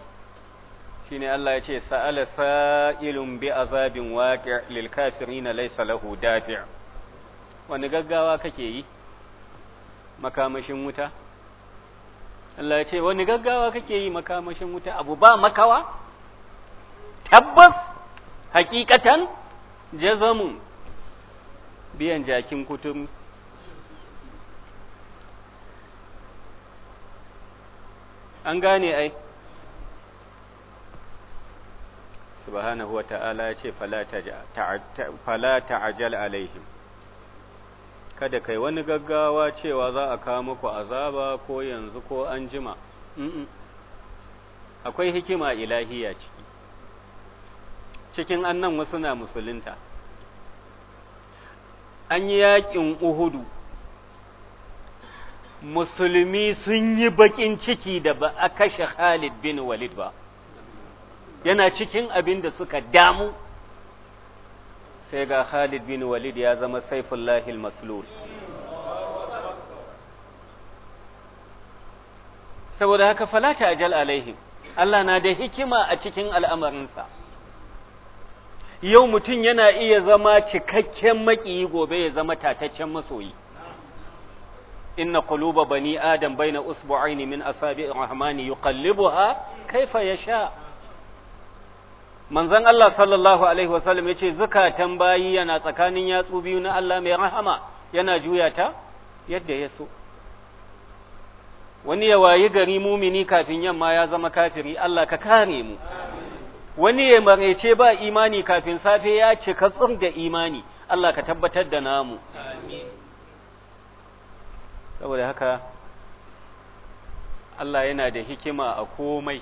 shi ne Allah ya ce sa'ala sa'ilun bi azabin waƙi lilkafiri na laisa lahu dafi wani gaggawa kake yi makamashin wuta Allah ya ce wani gaggawa kake yi makamashin wuta abu ba makawa tabbas hakikatan jazamu biyan jakin kutum an gane ai subhanahu wa ta'ala ya ce fala ta'ajjal alaihim kada kai wani gaggawa cewa za a kawo muku azaba ko yanzu ko an jima akwai hikima ilahiya ciki cikin annan wasu na musulunta an yi yaƙin uhudu musulmi sun yi baƙin ciki da ba a kashe Khalid bin Walid ba yana cikin abin da suka damu sai ga Khalid bin Walid ya zama Saifullahi al-Maslul saboda haka falata ajal alaihim Allah na da hikima a cikin al'amarinsa yau mutum yana iya zama cikakken maƙiyi gobe ya zama tataccen masoyi inna quluba bani adam baina usbu'aini min asabi'ir rahmani yuqallibuha kaifa yasha' manzon Allah sallallahu alaihi wasallam yace zakatan bayi yana tsakanin yatsu biyu na Allah mai rahama yana juya ta yadda ya so wani ya wayi gari mumini kafin yamma ya zama kafiri Allah ka kare mu wani ya marece ba imani kafin safe ya cika tsum da imani Allah ka tabbatar da namu saboda haka Allah yana da hikima a komai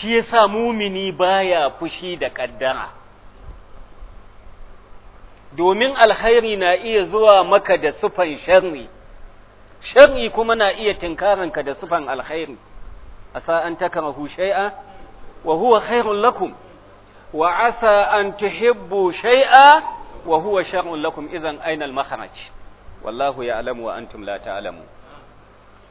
shi yasa mumini baya fushi da ƙaddara domin alkhairi na iya zuwa maka da sufan sharri sharri kuma na iya tinkaranka da sufan alkhairi asa an takrahu shay'a wa huwa khairul lakum wa asa an tuhibbu shay'a wa huwa sharrun lakum aina al wallahu ya alamu wa an la ta'lamun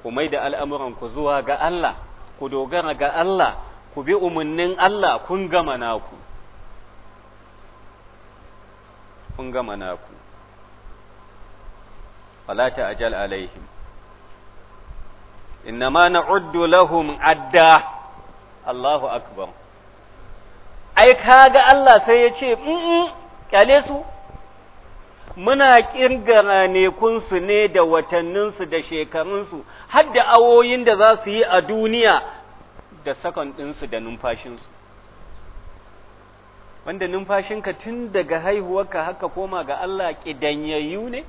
ku mai da al'amuranku zuwa ga Allah ku dogara ga Allah ku bi umarnin Allah kun gama naku kun gama naku fala ajal alaihim innama na'uddu lahum adda Allahu akbar ai kaga Allah sai ya ce kyale su muna kirgara ne kunsu ne da watanninsu da shekarunsu har da awoyin da za su yi a duniya da sakon ɗinsu da numfashinsu wanda numfashinka tun daga ka haka koma ga Allah ƙidanyayyu ne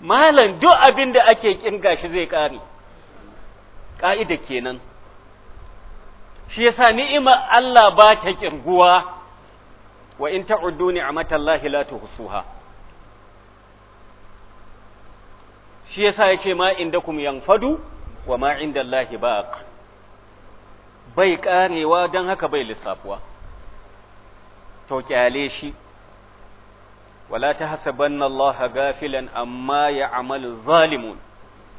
malam duk abin da ake ƙin gashi zai ƙare ƙa'ida kenan shi ya sa ni'ima Allah ba ta ƙirguwa wa in ta'uddu ni'matallahi la husuha shi ya sa yasa yace ma yan yanfadu wa ma ba baq bai karewa don haka bai lissafuwa to kyale shi wala ta tahsabanna Allah gafilan amma ya amalu zalimun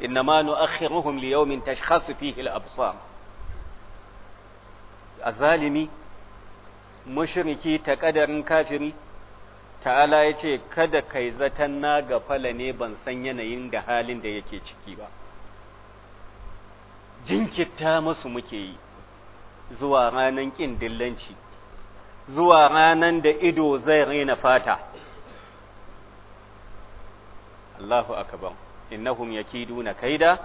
nu nu'akhiruhum li yawmin tashkhasu fihi al a zalumi mushriki ta kadarin kafiri ta'ala yace kada kai zatan na gafala ne ban san yanayin da halin da yake ciki ba jinkirta musu muke yi zuwa ranan ƙin dillanci zuwa ranan da ido zai rena fata Allahu akbar innahum yakiduna kaida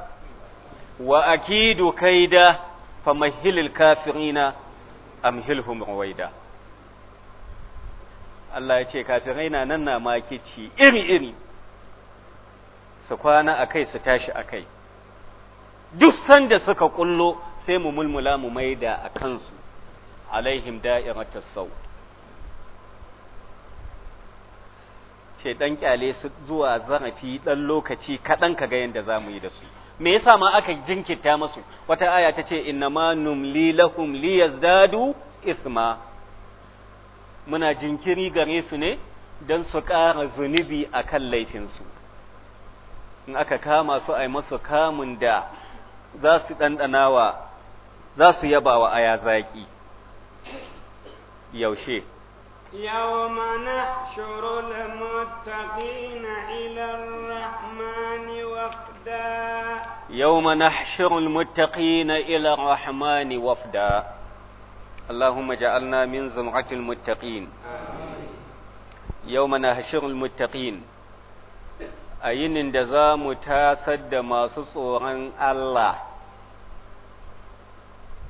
wa akidu kaida famahilil kafirina amhilhum ruwaida Allah ya ce kafirai nan na makici iri-iri su kwana a su tashi akai duk sanda suka kullo sai mu mulmula mu maida a kansu alaihim da'iratus sau ce dan kyale su zuwa zarafi dan lokaci kaɗan ka ga yadda za mu yi da su me yasa ma aka jinkirta masu wata aya ta ce innama numli lahum liyazdadu isma muna jinkiri gare su ne don su ƙara zunubi a kan laifinsu in aka kama su a yi masu kamun da za su wa. za su yaba wa aya zaƙi yaushe. Yawma na shurula mutaƙina ilar rahmani wafda. Yawma na shurula mutaƙina ilar rahmani wafda. اللهم اجعلنا من زمعة المتقين يوم نهشر المتقين أين اندزام تاسد ما سصور الله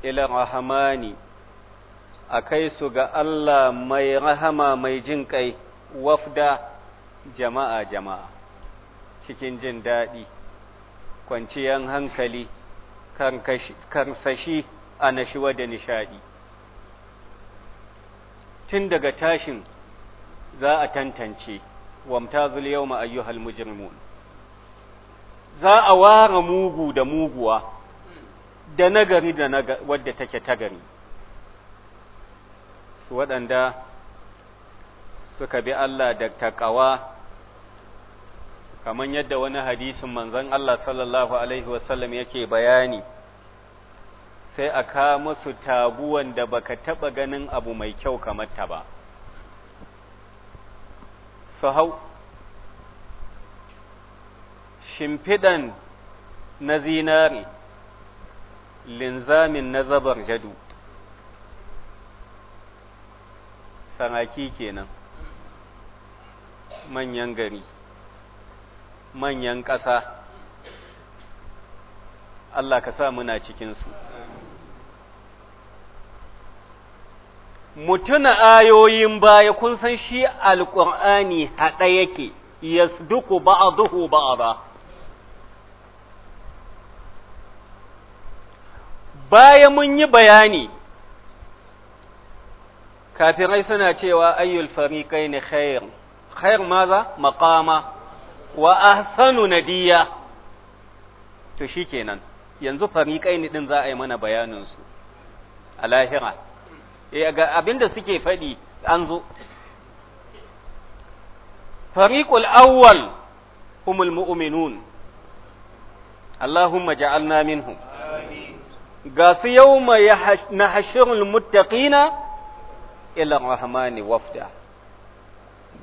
ilar rahamani a kai su ga Allah mai rahama mai jin kai wafda jama'a jama'a cikin jin daɗi kwanciyar hankali karsashi a nashiwa da nishaɗi tun daga tashin za a tantance wamtazul yawma ma’ayyuhal mujrimun za a ware mugu da muguwa da nagari da wadda take ta gari su waɗanda suka bi Allah da taƙawa kamar yadda wani hadisin manzon Allah sallallahu alaihi wasallam yake bayani sai a ka musu taguwan da baka taɓa ganin abu mai kyau kamar ta ba su hau shimfiɗan na zinari linzamin na zabar jadu saraki kenan manyan gari manyan ƙasa Allah ka sa muna cikinsu mutuna ayoyin baya kun san shi alƙur'ani haɗa yake yasduku ba'dahu ba'dahu baya mun yi bayani kafirai suna cewa ayyul fariqaini khair khair maza maqama wa ahsanu nadiya to shikenan yanzu ne din za a yi mana bayanin su a lahira eh ga abinda suke faɗi an zo fariqul awwal humul mu'minun اللهم جعلنا منهم ga su yau mai na hashirin muttaqina ila rahmani wafda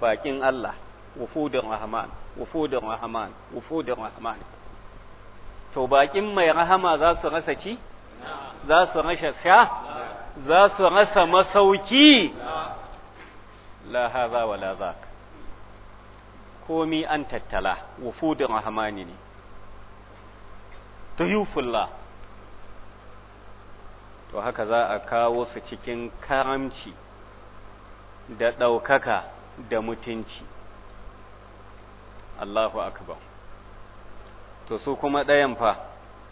bakin Allah wufudin rahman wufudin rahman wufudin rahman to bakin mai rahama za su rasa ci za su rasa sha za su rasa masauki la haza wala zaka komi an tattala wufudin rahmani ne tuyufullah to haka za a kawo su cikin karamci da ɗaukaka da mutunci Allahu akbar to su kuma ɗayan fa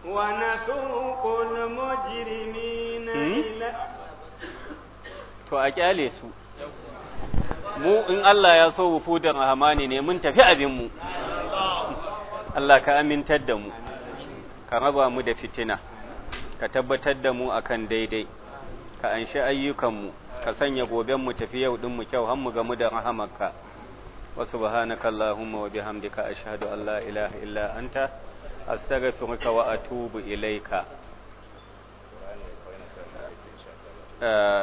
wa nasuqul mujrimina hmm? ila to a kyale su mu in Allah ya so wufudin rahmani ne mun tafi abin mu Allah ka amintar da mu ka raba mu da fitina ka tabbatar da mu a kan daidai ka anshi ayyukanmu ka sanya gobenmu tafi yau din mu kyau har mu gamu da rahamarka wa subhanaka allahumma wa bihamdika ashhadu an la ilaha illa anta astaghfiruka wa atubu ilaika eh,